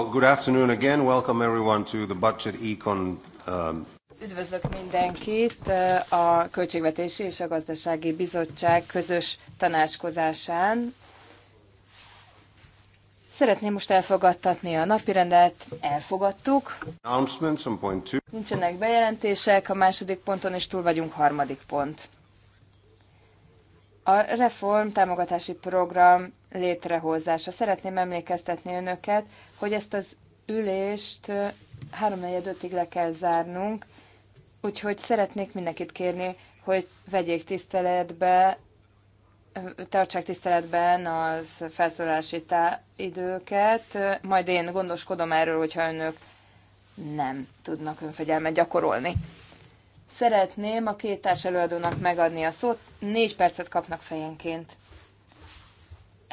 good afternoon again. Welcome everyone to the Budget Econ. Um... Üdvözlök mindenkit uh, a Költségvetési és a Gazdasági Bizottság közös tanácskozásán. Szeretném most elfogadtatni a napirendet. Elfogadtuk. Nincsenek bejelentések, a második ponton és túl vagyunk harmadik pont. A reform támogatási program létrehozása. Szeretném emlékeztetni önöket, hogy ezt az ülést 3.45-ig le kell zárnunk, úgyhogy szeretnék mindenkit kérni, hogy vegyék tiszteletbe, tartsák tiszteletben az felszólalási időket, majd én gondoskodom erről, hogyha önök nem tudnak önfegyelmet gyakorolni. Szeretném a két előadónak megadni a szót, négy percet kapnak fejenként.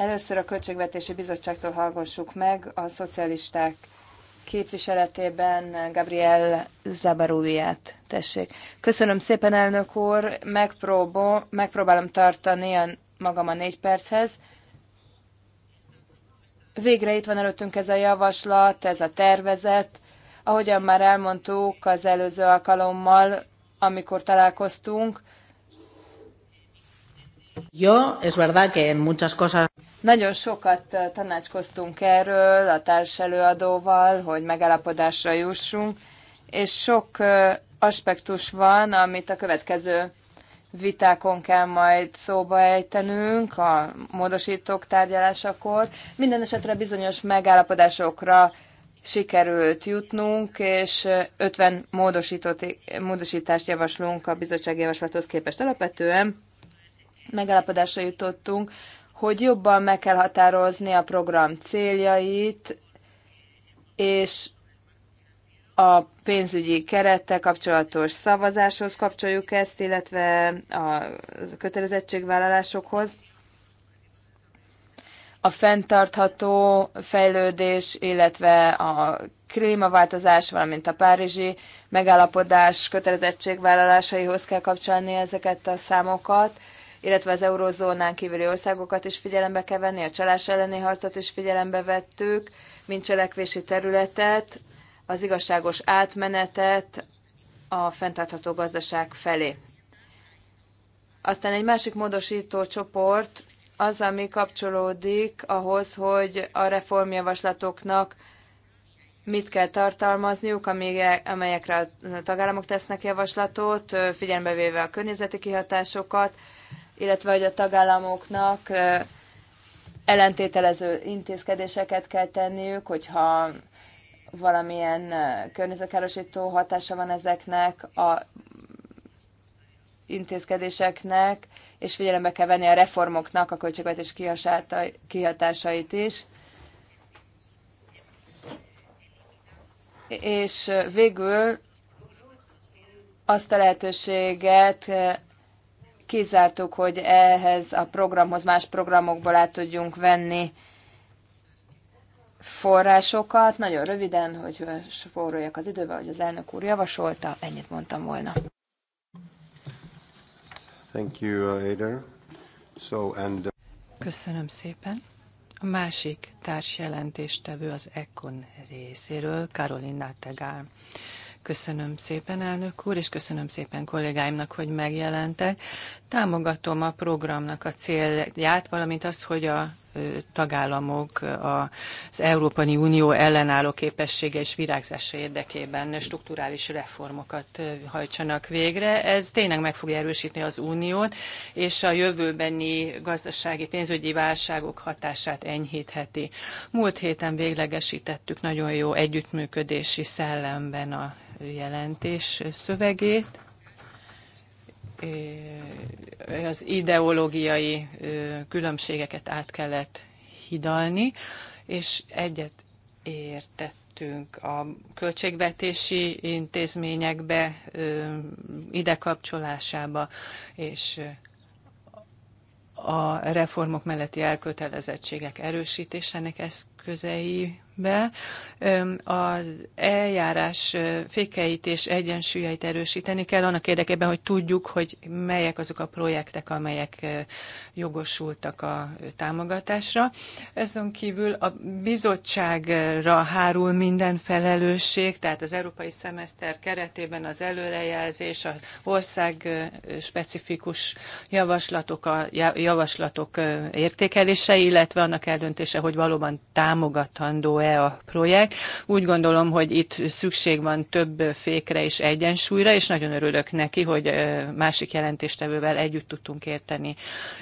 Először a Költségvetési Bizottságtól hallgassuk meg a szocialisták képviseletében Gabriel Zabaruiát. Tessék. Köszönöm szépen, elnök úr. Megpróbál, megpróbálom tartani a, magam a négy perchez. Végre itt van előttünk ez a javaslat, ez a tervezet. Ahogyan már elmondtuk az előző alkalommal, amikor találkoztunk, jó, és verdad que en muchas cosas... Nagyon sokat tanácskoztunk erről a előadóval, hogy megállapodásra jussunk, és sok aspektus van, amit a következő vitákon kell majd szóba ejtenünk a módosítók tárgyalásakor. Minden esetre bizonyos megállapodásokra sikerült jutnunk, és 50 módosítást javaslunk a javaslathoz képest alapvetően megállapodásra jutottunk, hogy jobban meg kell határozni a program céljait, és a pénzügyi kerettel kapcsolatos szavazáshoz kapcsoljuk ezt, illetve a kötelezettségvállalásokhoz. A fenntartható fejlődés, illetve a klímaváltozás, valamint a párizsi megállapodás kötelezettségvállalásaihoz kell kapcsolni ezeket a számokat illetve az eurozónán kívüli országokat is figyelembe kell venni, a csalás elleni harcot is figyelembe vettük, mint cselekvési területet, az igazságos átmenetet a fenntartható gazdaság felé. Aztán egy másik módosító csoport az, ami kapcsolódik ahhoz, hogy a reformjavaslatoknak mit kell tartalmazniuk, amelyekre a tagállamok tesznek javaslatot, figyelembe véve a környezeti kihatásokat, illetve hogy a tagállamoknak ellentételező intézkedéseket kell tenniük, hogyha valamilyen környezetkárosító hatása van ezeknek a intézkedéseknek, és figyelembe kell venni a reformoknak a költségvetés kihatásait is. És végül azt a lehetőséget kizártuk, hogy ehhez a programhoz más programokból át tudjunk venni forrásokat. Nagyon röviden, hogy spóroljak az idővel, hogy az elnök úr javasolta, ennyit mondtam volna. Thank you, Ader. So, and... Köszönöm szépen. A másik társjelentéstevő az ECON részéről, Karolina Tegál. Köszönöm szépen, elnök úr, és köszönöm szépen kollégáimnak, hogy megjelentek. Támogatom a programnak a célját, valamint azt, hogy a tagállamok az Európai Unió ellenálló képessége és virágzása érdekében strukturális reformokat hajtsanak végre. Ez tényleg meg fogja erősíteni az uniót, és a jövőbeni gazdasági pénzügyi válságok hatását enyhítheti. Múlt héten véglegesítettük nagyon jó együttműködési szellemben a jelentés szövegét az ideológiai különbségeket át kellett hidalni, és egyet értettünk a költségvetési intézményekbe ide kapcsolásába, és a reformok melletti elkötelezettségek erősítésének eszközei be, az eljárás fékeit és egyensúlyait erősíteni kell annak érdekében, hogy tudjuk, hogy melyek azok a projektek, amelyek jogosultak a támogatásra. Ezen kívül a bizottságra hárul minden felelősség, tehát az európai szemeszter keretében az előrejelzés, az ország specifikus javaslatok, a javaslatok értékelése, illetve annak eldöntése, hogy valóban támogatandó-e sikere a projekt. Úgy gondolom, hogy itt szükség van több fékre és egyensúlyra, és nagyon örülök neki, hogy másik jelentéstevővel együtt tudtunk érteni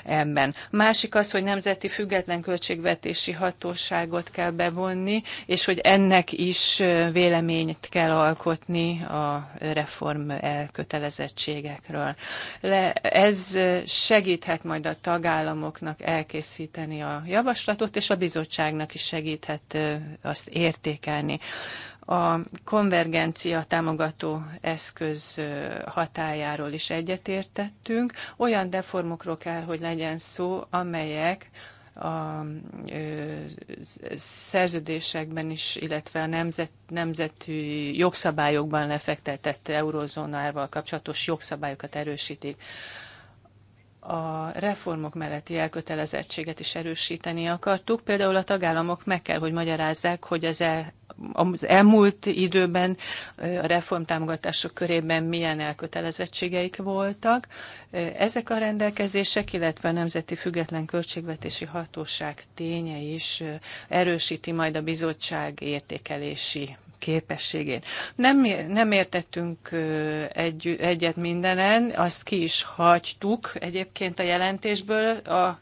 ebben. Másik az, hogy nemzeti független költségvetési hatóságot kell bevonni, és hogy ennek is véleményt kell alkotni a reform elkötelezettségekről. Le, ez segíthet majd a tagállamoknak elkészíteni a javaslatot, és a bizottságnak is segíthet azt értékelni. A konvergencia támogató eszköz hatájáról is egyetértettünk. Olyan deformokról kell, hogy legyen szó, amelyek a szerződésekben is, illetve a nemzet, nemzeti jogszabályokban lefektetett eurozónával kapcsolatos jogszabályokat erősítik a reformok melletti elkötelezettséget is erősíteni akartuk. Például a tagállamok meg kell, hogy magyarázzák, hogy az, el, az elmúlt időben a reformtámogatások körében milyen elkötelezettségeik voltak. Ezek a rendelkezések, illetve a Nemzeti Független Költségvetési Hatóság ténye is erősíti majd a bizottság értékelési képességén. Nem, nem értettünk egy, egyet mindenen, azt ki is hagytuk egyébként a jelentésből, a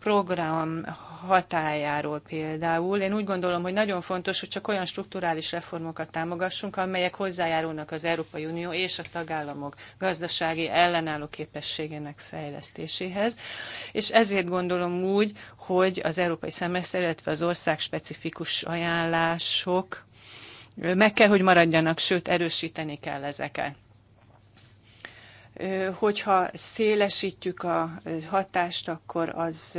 program hatájáról például. Én úgy gondolom, hogy nagyon fontos, hogy csak olyan strukturális reformokat támogassunk, amelyek hozzájárulnak az Európai Unió és a tagállamok gazdasági ellenálló képességének fejlesztéséhez. És ezért gondolom úgy, hogy az európai szemeszter, illetve az ország specifikus ajánlások meg kell, hogy maradjanak, sőt, erősíteni kell ezeket. Hogyha szélesítjük a hatást, akkor az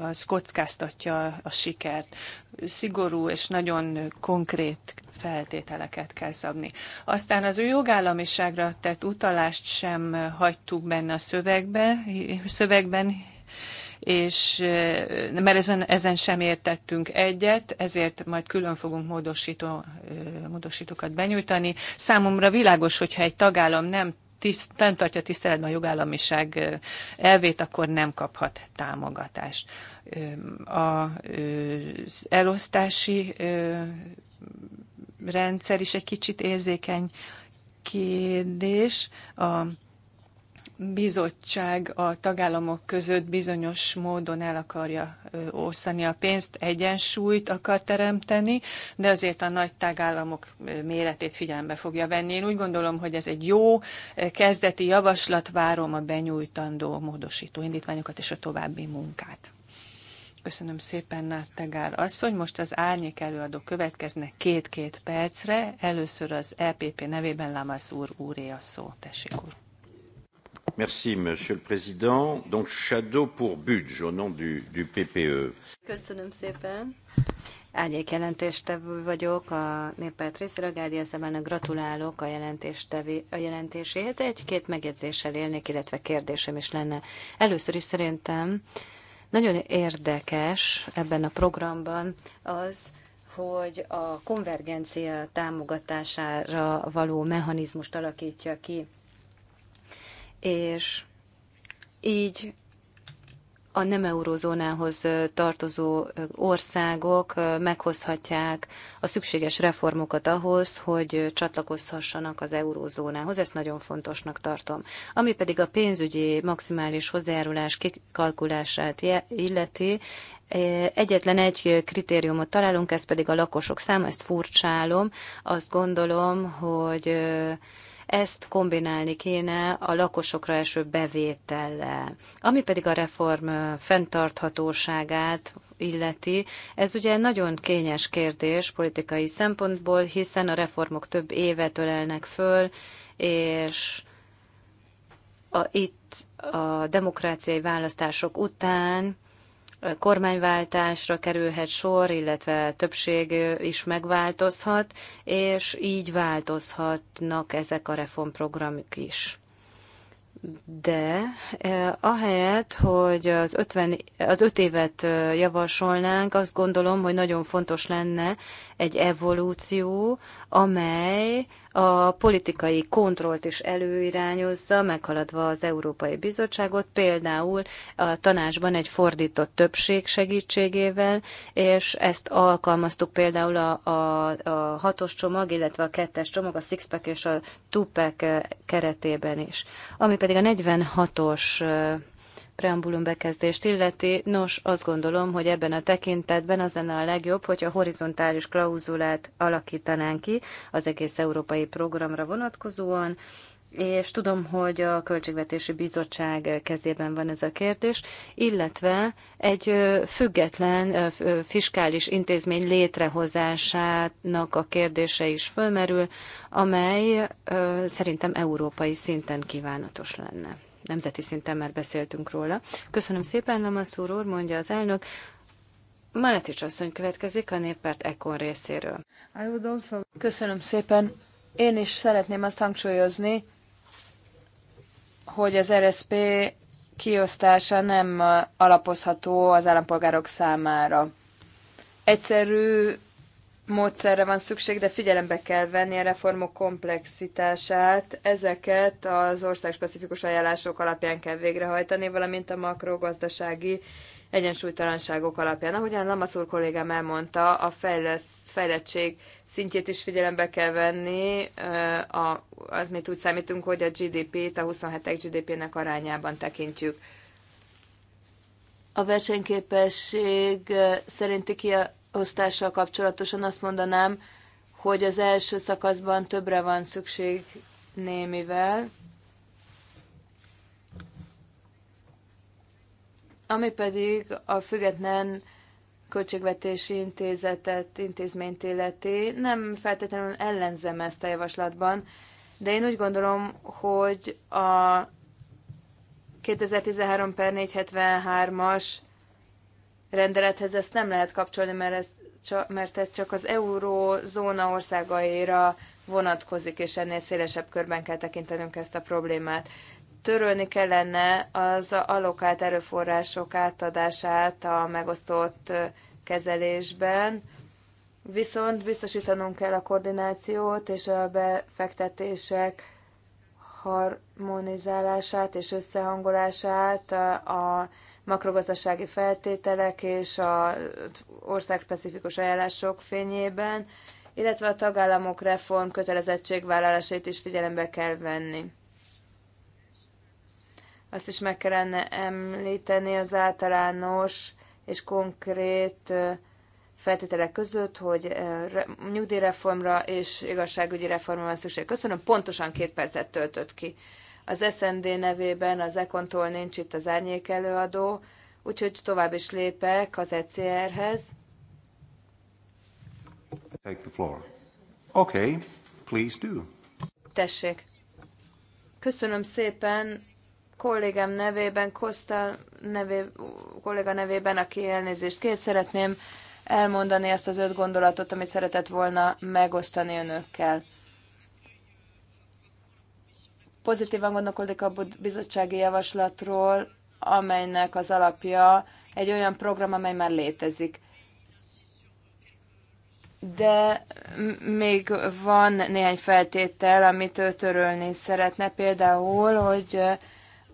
az kockáztatja a sikert. Szigorú és nagyon konkrét feltételeket kell szabni. Aztán az ő jogállamiságra tett utalást sem hagytuk benne a szövegbe, szövegben, és mert ezen, ezen sem értettünk egyet, ezért majd külön fogunk módosító, módosítókat benyújtani. Számomra világos, hogyha egy tagállam nem tiszt, nem tartja tiszteletben a jogállamiság elvét, akkor nem kaphat támogatást. Az elosztási rendszer is egy kicsit érzékeny kérdés. A bizottság a tagállamok között bizonyos módon el akarja osztani a pénzt, egyensúlyt akar teremteni, de azért a nagy tagállamok méretét figyelembe fogja venni. Én úgy gondolom, hogy ez egy jó kezdeti javaslat, várom a benyújtandó módosító indítványokat és a további munkát. Köszönöm szépen, Náttegál asszony. Most az árnyék előadó következnek két-két percre. Először az EPP nevében Lamasz úr úré a szó. Tessék úr. Merci, Monsieur le Président. Donc, Shadow pour Budge, au nom du, du PPE. Köszönöm szépen. Ágyék jelentéstevő vagyok, a néppárt részéről, Gádia Szemának gratulálok a, jelentéstevi, a jelentéséhez. Egy-két megjegyzéssel élnék, illetve kérdésem is lenne. Először is szerintem nagyon érdekes ebben a programban az, hogy a konvergencia támogatására való mechanizmust alakítja ki és így a nem eurozónához tartozó országok meghozhatják a szükséges reformokat ahhoz, hogy csatlakozhassanak az eurozónához. Ezt nagyon fontosnak tartom. Ami pedig a pénzügyi maximális hozzájárulás kikalkulását illeti, Egyetlen egy kritériumot találunk, ez pedig a lakosok száma, ezt furcsálom. Azt gondolom, hogy ezt kombinálni kéne a lakosokra eső bevétellel. Ami pedig a reform fenntarthatóságát illeti, ez ugye nagyon kényes kérdés politikai szempontból, hiszen a reformok több évet ölelnek föl, és a, itt a demokráciai választások után kormányváltásra kerülhet sor, illetve többség is megváltozhat, és így változhatnak ezek a reformprogramok is. De eh, ahelyett, hogy az, 50, az öt évet javasolnánk, azt gondolom, hogy nagyon fontos lenne egy evolúció, amely a politikai kontrollt is előirányozza, meghaladva az Európai Bizottságot, például a tanácsban egy fordított többség segítségével, és ezt alkalmaztuk például a, a, a hatos csomag, illetve a kettes csomag, a sixpack és a tupek keretében is. Ami pedig a 46-os preambulum bekezdést illeti, nos, azt gondolom, hogy ebben a tekintetben az lenne a legjobb, hogy a horizontális klauzulát alakítanánk ki az egész európai programra vonatkozóan, és tudom, hogy a Költségvetési Bizottság kezében van ez a kérdés, illetve egy független fiskális intézmény létrehozásának a kérdése is fölmerül, amely szerintem európai szinten kívánatos lenne nemzeti szinten már beszéltünk róla. Köszönöm szépen, Lamaszúr úr, mondja az elnök. Maletics asszony következik a néppárt Ekon részéről. Köszönöm szépen. Én is szeretném azt hangsúlyozni, hogy az RSP kiosztása nem alapozható az állampolgárok számára. Egyszerű módszerre van szükség, de figyelembe kell venni a reformok komplexitását. Ezeket az országspecifikus ajánlások alapján kell végrehajtani, valamint a makrogazdasági egyensúlytalanságok alapján. Ahogyan Lamaszúr kollégám elmondta, a fejlesz, fejlettség szintjét is figyelembe kell venni, a, az mit úgy számítunk, hogy a GDP-t a 27 GDP-nek arányában tekintjük. A versenyképesség szerinti ki a osztással kapcsolatosan azt mondanám, hogy az első szakaszban többre van szükség némivel, ami pedig a független költségvetési intézetet, intézményt illeti. Nem feltétlenül ellenzem ezt a javaslatban, de én úgy gondolom, hogy a 2013 per 473-as rendelethez ezt nem lehet kapcsolni, mert ez, csak, mert ez csak az eurózóna országaira vonatkozik, és ennél szélesebb körben kell tekintenünk ezt a problémát. Törölni kellene az alokált erőforrások átadását a megosztott kezelésben, viszont biztosítanunk kell a koordinációt és a befektetések harmonizálását és összehangolását a makrogazdasági feltételek és az országspecifikus ajánlások fényében, illetve a tagállamok reform kötelezettségvállalásait is figyelembe kell venni. Azt is meg kellene említeni az általános és konkrét feltételek között, hogy nyugdíjreformra és igazságügyi reformra van szükség. Köszönöm, pontosan két percet töltött ki. Az SND nevében az Ekontól nincs itt az árnyék előadó, úgyhogy tovább is lépek az ECR-hez. Take the floor. Okay, please do. Tessék. Köszönöm szépen kollégám nevében, Kosta nevé, kolléga nevében, aki elnézést kér, szeretném elmondani ezt az öt gondolatot, amit szeretett volna megosztani önökkel. Pozitívan gondolkodik a bizottsági javaslatról, amelynek az alapja egy olyan program, amely már létezik. De még van néhány feltétel, amit ő törölni szeretne, például, hogy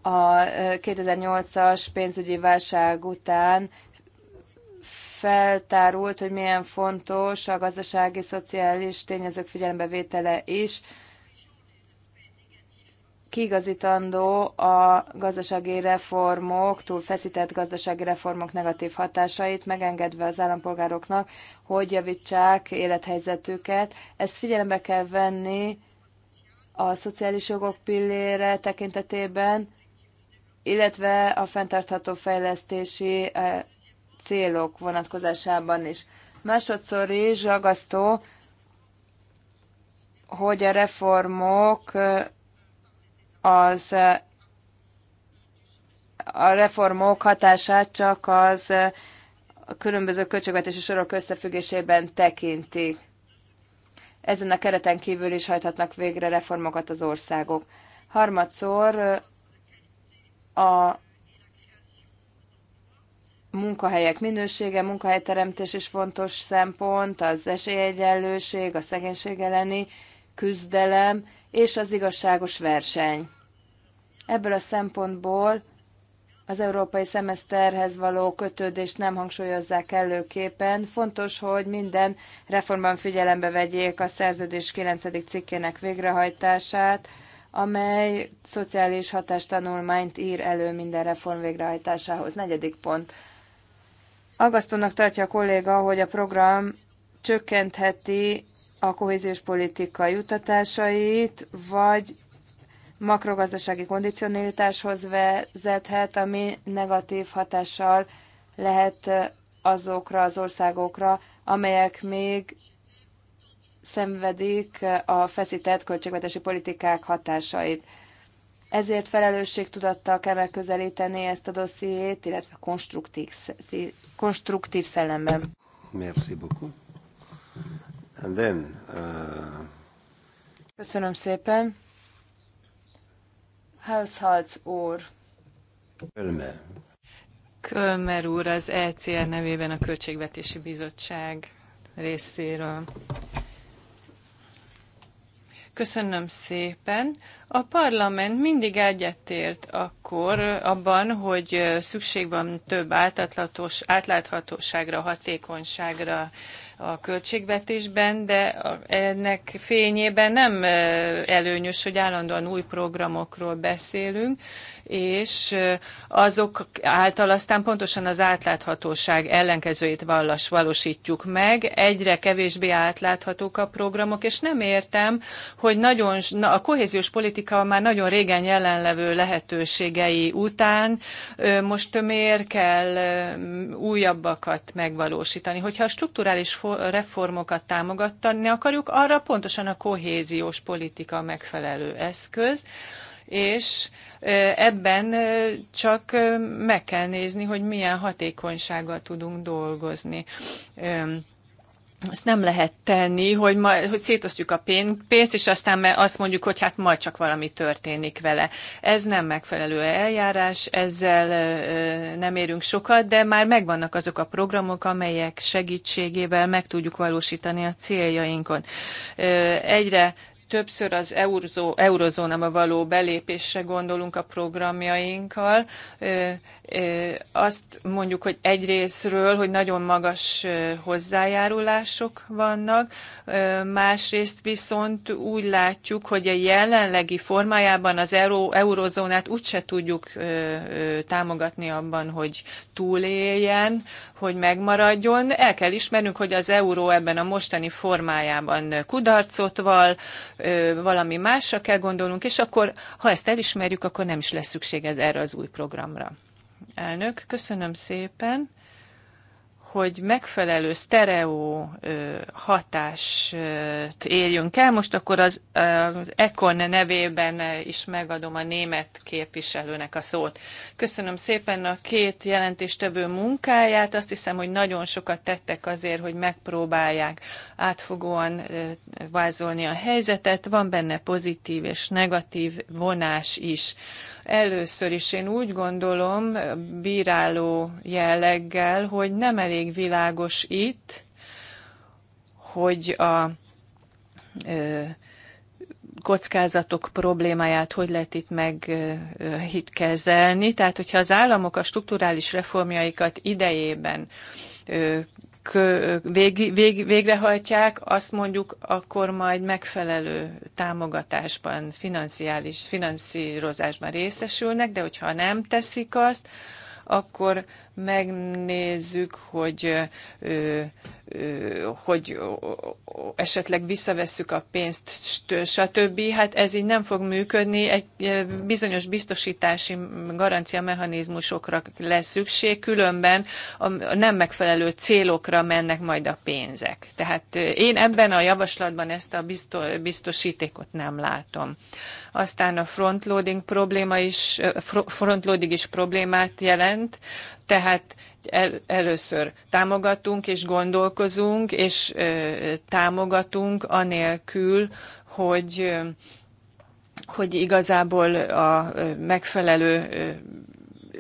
a 2008-as pénzügyi válság után feltárult, hogy milyen fontos a gazdasági, szociális tényezők figyelembevétele is, kiigazítandó a gazdasági reformok, túl feszített gazdasági reformok negatív hatásait, megengedve az állampolgároknak, hogy javítsák élethelyzetüket. Ezt figyelembe kell venni a szociális jogok pillére tekintetében, illetve a fenntartható fejlesztési eh, célok vonatkozásában is. Másodszor is ragasztó, hogy a reformok eh, az a reformok hatását csak az a különböző költségvetési sorok összefüggésében tekintik. Ezen a kereten kívül is hajthatnak végre reformokat az országok. Harmadszor a munkahelyek minősége, munkahelyteremtés is fontos szempont, az esélyegyenlőség, a szegénység elleni küzdelem, és az igazságos verseny. Ebből a szempontból az európai szemeszterhez való kötődést nem hangsúlyozzák előképpen. Fontos, hogy minden reformban figyelembe vegyék a szerződés 9. cikkének végrehajtását, amely szociális hatástanulmányt ír elő minden reform végrehajtásához. Negyedik pont. Agasztónak tartja a kolléga, hogy a program csökkentheti a kohéziós politika jutatásait, vagy makrogazdasági kondicionalitáshoz vezethet, ami negatív hatással lehet azokra az országokra, amelyek még szenvedik a feszített költségvetési politikák hatásait. Ezért felelősségtudattal kell megközelíteni ezt a dossziét, illetve konstruktív, konstruktív szellemben. Merci beaucoup. And then, uh... Köszönöm szépen. Haushalts úr. Kölmer. Kölmer úr az ECR nevében a Költségvetési Bizottság részéről. Köszönöm szépen. A parlament mindig egyetért akkor abban, hogy szükség van több átláthatóságra, hatékonyságra a költségvetésben, de ennek fényében nem előnyös, hogy állandóan új programokról beszélünk, és azok által aztán pontosan az átláthatóság ellenkezőjét vallas, valósítjuk meg. Egyre kevésbé átláthatók a programok, és nem értem, hogy nagyon a kohéziós politikai akik a már nagyon régen jelenlevő lehetőségei után most miért kell újabbakat megvalósítani. Hogyha a strukturális reformokat támogatni akarjuk, arra pontosan a kohéziós politika a megfelelő eszköz, és ebben csak meg kell nézni, hogy milyen hatékonysággal tudunk dolgozni azt nem lehet tenni, hogy, ma, hogy szétosztjuk a pénzt, és aztán azt mondjuk, hogy hát majd csak valami történik vele. Ez nem megfelelő eljárás, ezzel nem érünk sokat, de már megvannak azok a programok, amelyek segítségével meg tudjuk valósítani a céljainkon. Egyre többször az eurozó, eurozónába való belépésre gondolunk a programjainkkal. Azt mondjuk, hogy egyrésztről, hogy nagyon magas hozzájárulások vannak, másrészt viszont úgy látjuk, hogy a jelenlegi formájában az euró, eurozónát úgyse tudjuk támogatni abban, hogy túléljen, hogy megmaradjon. El kell ismernünk, hogy az euró ebben a mostani formájában kudarcot val, valami másra kell gondolnunk, és akkor, ha ezt elismerjük, akkor nem is lesz szükség ez erre az új programra. Elnök, köszönöm szépen hogy megfelelő sztereó hatást érjünk el. Most akkor az, az Econ nevében is megadom a német képviselőnek a szót. Köszönöm szépen a két jelentéstevő munkáját. Azt hiszem, hogy nagyon sokat tettek azért, hogy megpróbálják átfogóan vázolni a helyzetet. Van benne pozitív és negatív vonás is. Először is én úgy gondolom bíráló jelleggel, hogy nem elég világos itt, hogy a ö, kockázatok problémáját hogy lehet itt kezelni. Tehát, hogyha az államok a strukturális reformjaikat idejében vég, vég, végrehajtják, azt mondjuk akkor majd megfelelő támogatásban, financiális finanszírozásban részesülnek, de hogyha nem teszik azt, akkor megnézzük, hogy hogy esetleg visszavesszük a pénzt, stb. Hát ez így nem fog működni, egy bizonyos biztosítási garancia mechanizmusokra lesz szükség, különben a nem megfelelő célokra mennek majd a pénzek. Tehát én ebben a javaslatban ezt a biztosítékot nem látom. Aztán a frontloading probléma is, frontloading is problémát jelent. Tehát el, először támogatunk és gondolkozunk, és ö, támogatunk anélkül, hogy, ö, hogy igazából a ö, megfelelő ö,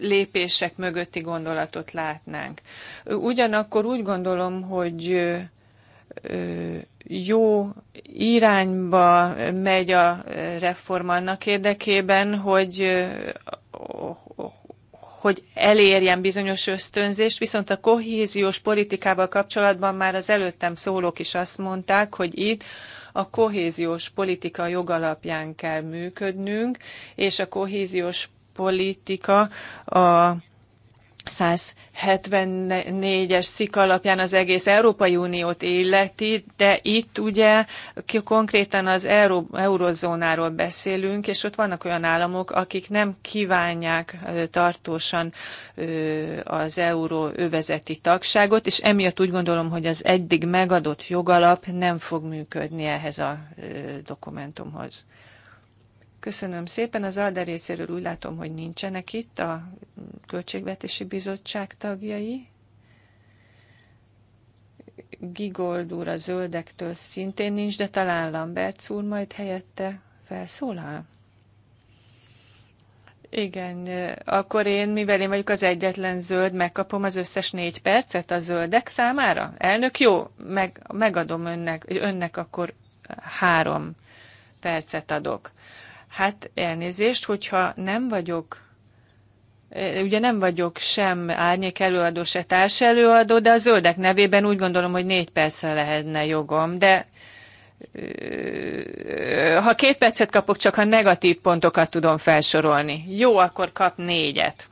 lépések mögötti gondolatot látnánk. Ugyanakkor úgy gondolom, hogy ö, jó irányba megy a reform annak érdekében, hogy hogy elérjen bizonyos ösztönzést, viszont a kohéziós politikával kapcsolatban már az előttem szólók is azt mondták, hogy itt a kohéziós politika jogalapján kell működnünk, és a kohéziós politika a 174-es cikk alapján az egész Európai Uniót illeti, de itt ugye konkrétan az Euró, eurozónáról beszélünk, és ott vannak olyan államok, akik nem kívánják tartósan az euró övezeti tagságot, és emiatt úgy gondolom, hogy az eddig megadott jogalap nem fog működni ehhez a dokumentumhoz. Köszönöm szépen. Az ALDE részéről úgy látom, hogy nincsenek itt a Költségvetési Bizottság tagjai. Gigold úr a zöldektől szintén nincs, de talán Lambert úr majd helyette felszólal. Igen, akkor én, mivel én vagyok az egyetlen zöld, megkapom az összes négy percet a zöldek számára? Elnök, jó, meg, megadom önnek, önnek akkor három percet adok. Hát elnézést, hogyha nem vagyok e, ugye nem vagyok sem árnyék előadó, se társ előadó, de a zöldek nevében úgy gondolom, hogy négy percre lehetne jogom, de ha két percet kapok, csak a negatív pontokat tudom felsorolni. Jó, akkor kap négyet.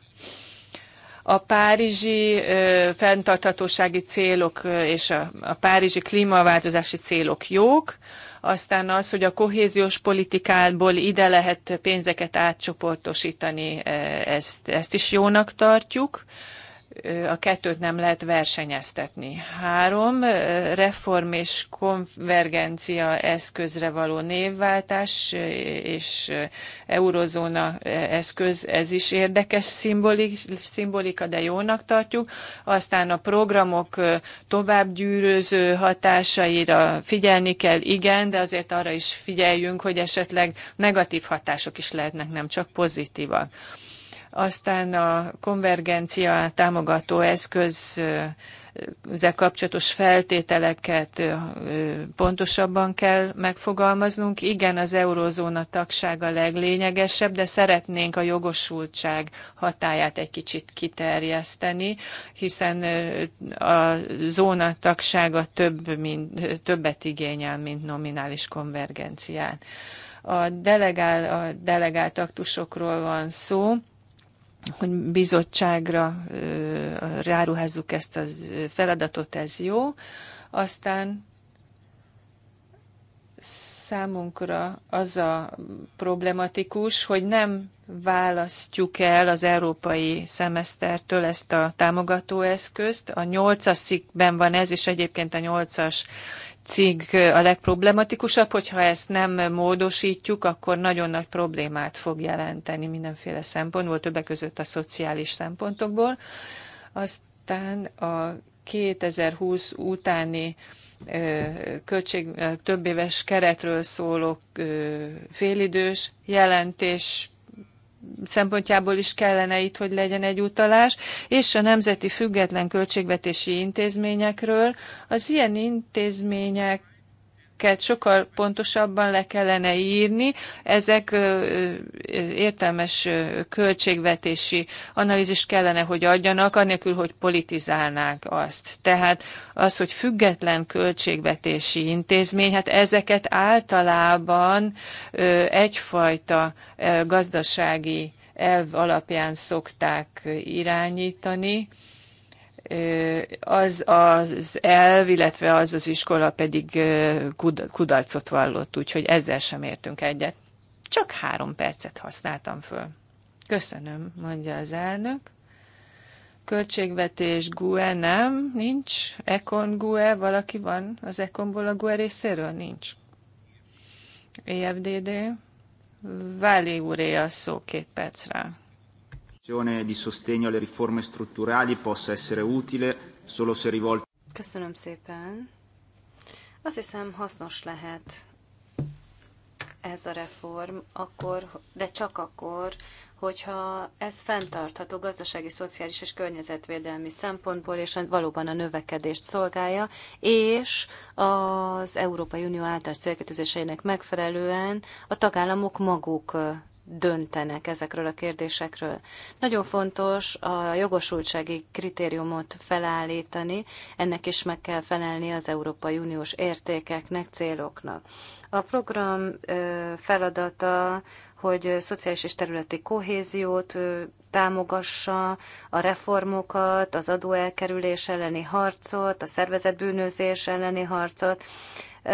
A párizsi ö, fenntarthatósági célok és a, a párizsi klímaváltozási célok jók, aztán az, hogy a kohéziós politikából ide lehet pénzeket átcsoportosítani, e, ezt, ezt is jónak tartjuk a kettőt nem lehet versenyeztetni. Három, reform és konvergencia eszközre való névváltás és eurozóna eszköz, ez is érdekes szimbolika, de jónak tartjuk. Aztán a programok gyűröző hatásaira figyelni kell, igen, de azért arra is figyeljünk, hogy esetleg negatív hatások is lehetnek, nem csak pozitívak aztán a konvergencia támogató eszköz ezzel kapcsolatos feltételeket pontosabban kell megfogalmaznunk. Igen, az eurózóna tagsága a leglényegesebb, de szeretnénk a jogosultság hatáját egy kicsit kiterjeszteni, hiszen a zóna tagsága több, mint, többet igényel, mint nominális konvergencián. A, delegál, a delegált aktusokról van szó hogy bizottságra ráruházzuk ezt a feladatot, ez jó. Aztán számunkra az a problematikus, hogy nem választjuk el az európai szemesztertől ezt a támogatóeszközt. A nyolcas cikkben van ez, és egyébként a nyolcas cikk a legproblematikusabb, hogyha ezt nem módosítjuk, akkor nagyon nagy problémát fog jelenteni mindenféle szempontból, többek között a szociális szempontokból. Aztán a 2020 utáni költség, több éves keretről szóló félidős jelentés szempontjából is kellene itt, hogy legyen egy utalás, és a nemzeti független költségvetési intézményekről. Az ilyen intézmények ezeket sokkal pontosabban le kellene írni. Ezek értelmes költségvetési analízist kellene, hogy adjanak, anélkül, hogy politizálnánk azt. Tehát az, hogy független költségvetési intézmény, hát ezeket általában egyfajta gazdasági elv alapján szokták irányítani, az az elv, illetve az az iskola pedig kudarcot vallott, úgyhogy ezzel sem értünk egyet. Csak három percet használtam föl. Köszönöm, mondja az elnök. Költségvetés GUE nem, nincs. Ekon GUE, valaki van az Ekonból a GUE részéről? Nincs. EFDD, Váli úré a szó két percre azione di sostegno alle riforme strutturali possa essere utile solo se rivolta. Köszönöm szépen. Azt hiszem hasznos lehet ez a reform, akkor, de csak akkor, hogyha ez fenntartható gazdasági, szociális és környezetvédelmi szempontból, és valóban a növekedést szolgálja, és az Európai Unió által célkötözéseinek megfelelően a tagállamok maguk döntenek ezekről a kérdésekről. Nagyon fontos a jogosultsági kritériumot felállítani, ennek is meg kell felelni az Európai Uniós értékeknek, céloknak. A program feladata, hogy szociális és területi kohéziót támogassa a reformokat, az adóelkerülés elleni harcot, a szervezetbűnözés elleni harcot,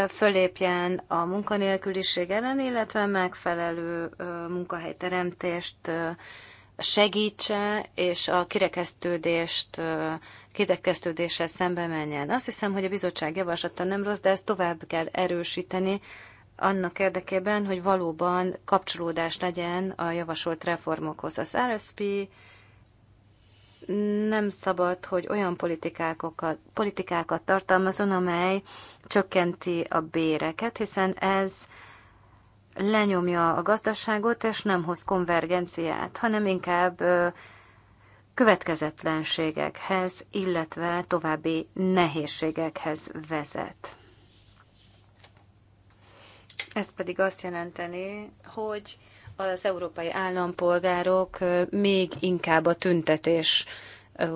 fölépjen a munkanélküliség ellen, illetve megfelelő munkahelyteremtést segítse, és a kirekesztődést, kirekesztődéssel szembe menjen. Azt hiszem, hogy a bizottság javaslata nem rossz, de ezt tovább kell erősíteni, annak érdekében, hogy valóban kapcsolódás legyen a javasolt reformokhoz. Az RSP nem szabad, hogy olyan politikákat, politikákat tartalmazon, amely csökkenti a béreket, hiszen ez lenyomja a gazdaságot, és nem hoz konvergenciát, hanem inkább következetlenségekhez, illetve további nehézségekhez vezet. Ez pedig azt jelenteni, hogy az európai állampolgárok még inkább a tüntetés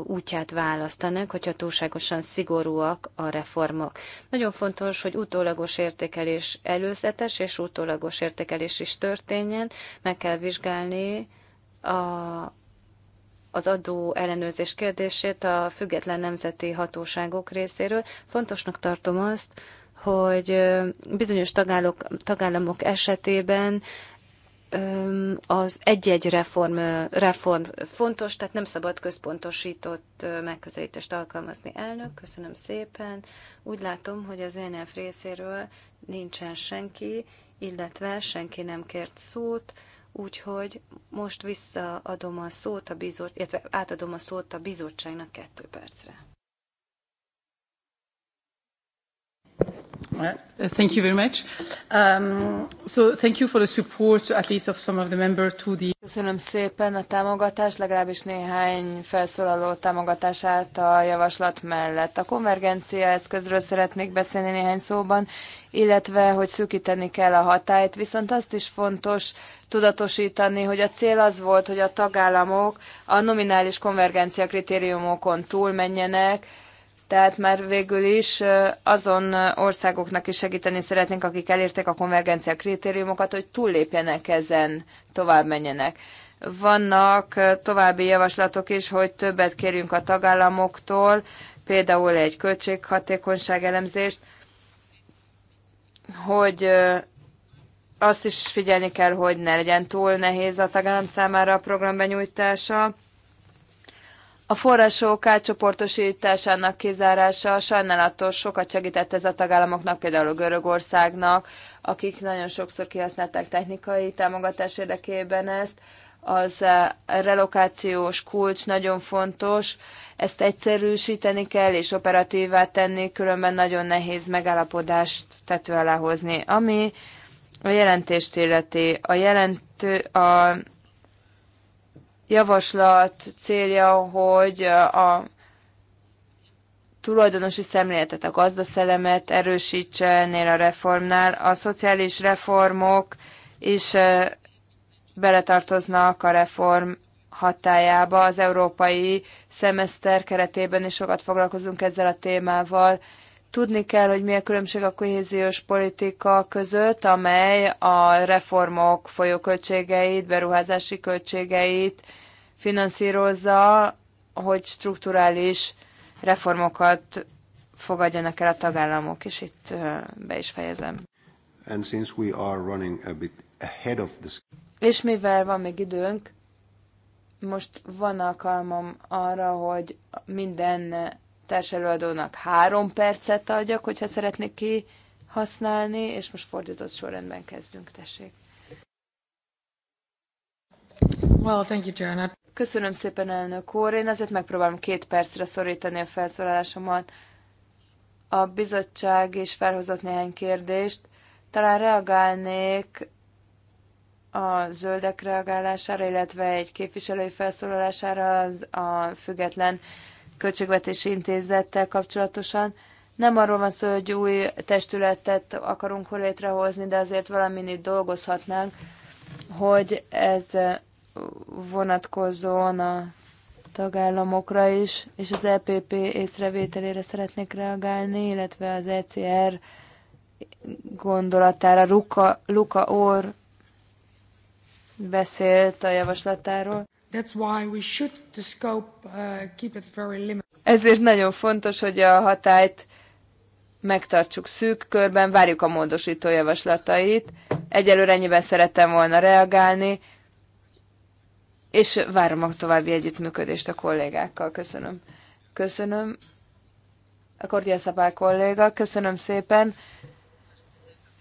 útját választanak, hogyha túlságosan szigorúak a reformok. Nagyon fontos, hogy utólagos értékelés előzetes és utólagos értékelés is történjen. Meg kell vizsgálni a, az adó ellenőrzés kérdését a független nemzeti hatóságok részéről. Fontosnak tartom azt, hogy bizonyos tagállamok esetében az egy-egy reform, reform fontos, tehát nem szabad központosított megközelítést alkalmazni. Elnök, köszönöm szépen. Úgy látom, hogy az ENF részéről nincsen senki, illetve senki nem kért szót, úgyhogy most visszaadom a szót a bizottság, illetve átadom a szót a bizottságnak kettő percre. Uh, thank you very much. Um, so thank you for the support, at least of some of the member to the... Köszönöm szépen a támogatást, legalábbis néhány felszólaló támogatását a javaslat mellett. A konvergencia eszközről szeretnék beszélni néhány szóban, illetve hogy szűkíteni kell a hatályt, viszont azt is fontos tudatosítani, hogy a cél az volt, hogy a tagállamok a nominális konvergencia kritériumokon túlmenjenek, tehát már végül is azon országoknak is segíteni szeretnénk, akik elérték a konvergencia kritériumokat, hogy túllépjenek ezen, tovább menjenek. Vannak további javaslatok is, hogy többet kérjünk a tagállamoktól, például egy költséghatékonyság elemzést, hogy azt is figyelni kell, hogy ne legyen túl nehéz a tagállam számára a program benyújtása, a források átcsoportosításának kizárása sajnálatos sokat segített ez a tagállamoknak, például a Görögországnak, akik nagyon sokszor kihasználták technikai támogatás érdekében ezt. Az eh, relokációs kulcs nagyon fontos, ezt egyszerűsíteni kell és operatívá tenni, különben nagyon nehéz megállapodást tető alá hozni. Ami a jelentést illeti, a jelentő, a javaslat célja, hogy a tulajdonosi szemléletet, a gazdaszelemet erősítse ennél a reformnál. A szociális reformok is beletartoznak a reform hatájába. Az európai szemeszter keretében is sokat foglalkozunk ezzel a témával. Tudni kell, hogy mi a különbség a kohéziós politika között, amely a reformok folyóköltségeit, beruházási költségeit finanszírozza, hogy strukturális reformokat fogadjanak el a tagállamok, és itt be is fejezem. And since we are running a bit ahead of this... És mivel van még időnk, most van alkalmam arra, hogy minden társelőadónak három percet adjak, hogyha szeretnék ki használni, és most fordított sorrendben kezdünk, tessék. Well, thank you, Janet. Köszönöm szépen, elnök úr. Én azért megpróbálom két percre szorítani a felszólalásomat. A bizottság is felhozott néhány kérdést. Talán reagálnék a zöldek reagálására, illetve egy képviselői felszólalására a független költségvetési intézettel kapcsolatosan. Nem arról van szó, hogy új testületet akarunk létrehozni, de azért valamin itt dolgozhatnánk, hogy ez vonatkozóan a tagállamokra is, és az EPP észrevételére szeretnék reagálni, illetve az ECR gondolatára. Luka, Luka Orr beszélt a javaslatáról. That's why we should the scope, uh, keep it very limited. Ezért nagyon fontos, hogy a hatályt megtartsuk szűk körben, várjuk a módosító javaslatait. Egyelőre ennyiben szerettem volna reagálni és várom a további együttműködést a kollégákkal. Köszönöm. Köszönöm. A Kordiászapár kolléga, köszönöm szépen.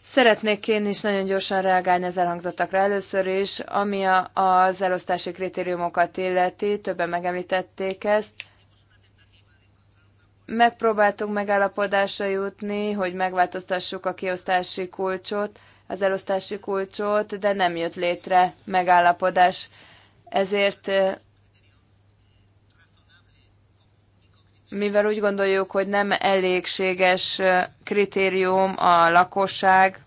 Szeretnék én is nagyon gyorsan reagálni az elhangzottakra először is, ami a, az elosztási kritériumokat illeti, többen megemlítették ezt. Megpróbáltunk megállapodásra jutni, hogy megváltoztassuk a kiosztási kulcsot, az elosztási kulcsot, de nem jött létre megállapodás ezért mivel úgy gondoljuk, hogy nem elégséges kritérium a lakosság,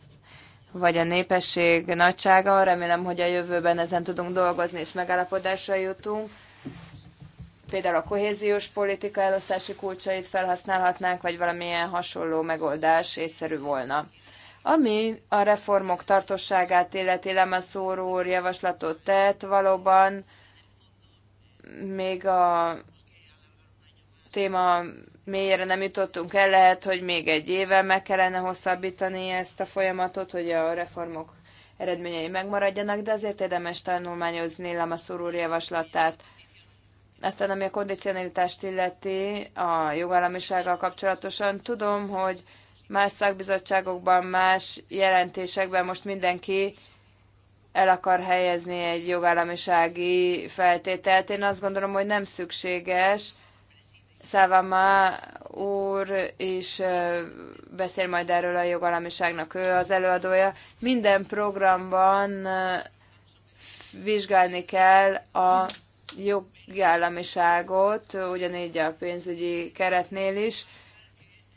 vagy a népesség nagysága, remélem, hogy a jövőben ezen tudunk dolgozni és megállapodásra jutunk. Például a kohéziós politika elosztási kulcsait felhasználhatnánk, vagy valamilyen hasonló megoldás észszerű volna. Ami a reformok tartosságát illeti Lemeszóró úr javaslatot tett, valóban még a téma mélyére nem jutottunk el, lehet, hogy még egy évvel meg kellene hosszabbítani ezt a folyamatot, hogy a reformok eredményei megmaradjanak, de azért érdemes tanulmányozni Lamaszúr úr javaslatát. Aztán, ami a kondicionalitást illeti a jogállamisággal kapcsolatosan, tudom, hogy más szakbizottságokban, más jelentésekben most mindenki el akar helyezni egy jogállamisági feltételt. Én azt gondolom, hogy nem szükséges. Szávama úr is beszél majd erről a jogállamiságnak, ő az előadója. Minden programban vizsgálni kell a jogállamiságot, ugyanígy a pénzügyi keretnél is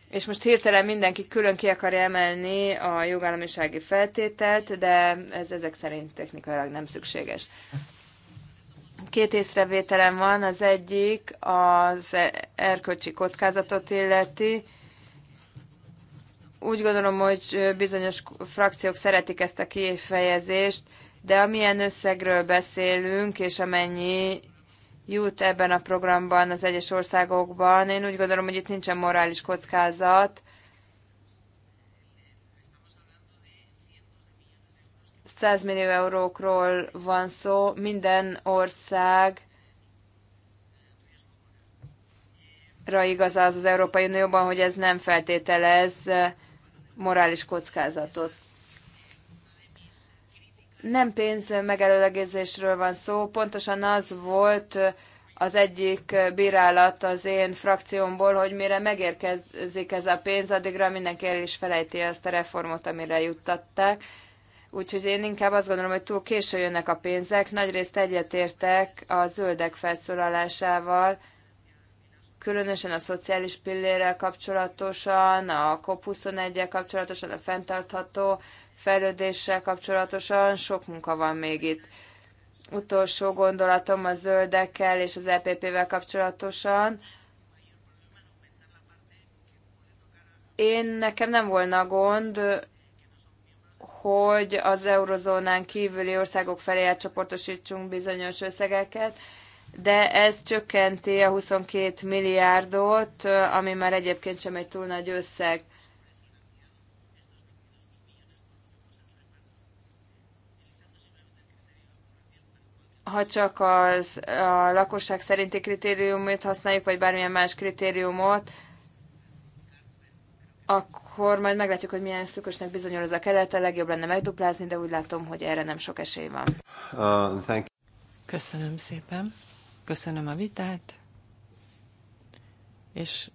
és most hirtelen mindenki külön ki akarja emelni a jogállamisági feltételt, de ez ezek szerint technikailag nem szükséges. Két észrevételem van, az egyik az erkölcsi kockázatot illeti. Úgy gondolom, hogy bizonyos frakciók szeretik ezt a kifejezést, de amilyen összegről beszélünk, és amennyi jut ebben a programban az egyes országokban. Én úgy gondolom, hogy itt nincsen morális kockázat. 100 millió eurókról van szó, minden ország ra igaz az az Európai Unióban, hogy ez nem feltételez morális kockázatot. Nem pénz megelőlegezésről van szó, pontosan az volt az egyik bírálat az én frakciómból, hogy mire megérkezik ez a pénz, addigra mindenki el is felejti azt a reformot, amire juttatták. Úgyhogy én inkább azt gondolom, hogy túl késő jönnek a pénzek. Nagyrészt egyetértek a zöldek felszólalásával, különösen a szociális pillérrel kapcsolatosan, a COP21-el kapcsolatosan, a fenntartható fejlődéssel kapcsolatosan sok munka van még itt. Utolsó gondolatom a zöldekkel és az EPP-vel kapcsolatosan. Én nekem nem volna gond, hogy az eurozónán kívüli országok felé elcsoportosítsunk bizonyos összegeket, de ez csökkenti a 22 milliárdot, ami már egyébként sem egy túl nagy összeg. ha csak az, a lakosság szerinti kritériumot használjuk, vagy bármilyen más kritériumot, akkor majd meglátjuk, hogy milyen szükösnek bizonyul ez a kerete. Legjobb lenne megduplázni, de úgy látom, hogy erre nem sok esély van. Uh, thank you. Köszönöm szépen. Köszönöm a vitát. És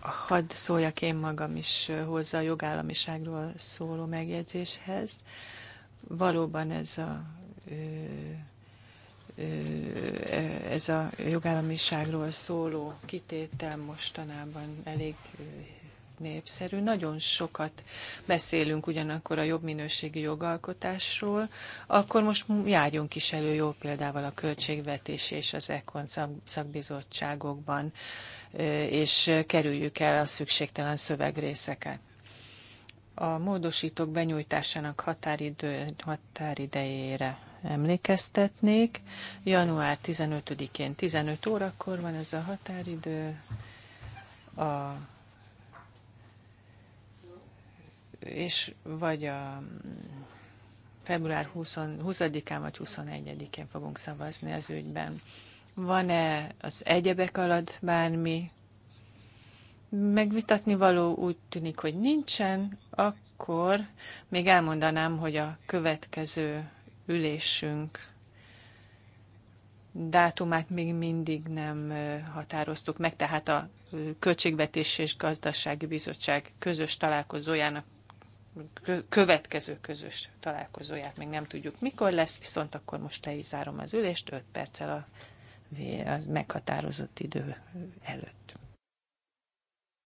hadd szóljak én magam is hozzá a jogállamiságról szóló megjegyzéshez. Valóban ez a E, ez a jogállamiságról szóló kitétel mostanában elég népszerű. Nagyon sokat beszélünk ugyanakkor a jobb minőségi jogalkotásról, akkor most járjunk is elő jó példával a költségvetés és az ECON szakbizottságokban, és kerüljük el a szükségtelen szövegrészeket. A módosítók benyújtásának határidő, határidejére emlékeztetnék. Január 15-én 15 órakor van ez a határidő. A és vagy a február 20, 20-án vagy 21-én fogunk szavazni az ügyben. Van-e az egyebek alatt bármi megvitatni való? Úgy tűnik, hogy nincsen. Akkor még elmondanám, hogy a következő ülésünk dátumát még mindig nem határoztuk meg, tehát a Költségvetés és Gazdasági Bizottság közös találkozójának következő közös találkozóját még nem tudjuk mikor lesz, viszont akkor most le is zárom az ülést 5 perccel a meghatározott idő előtt.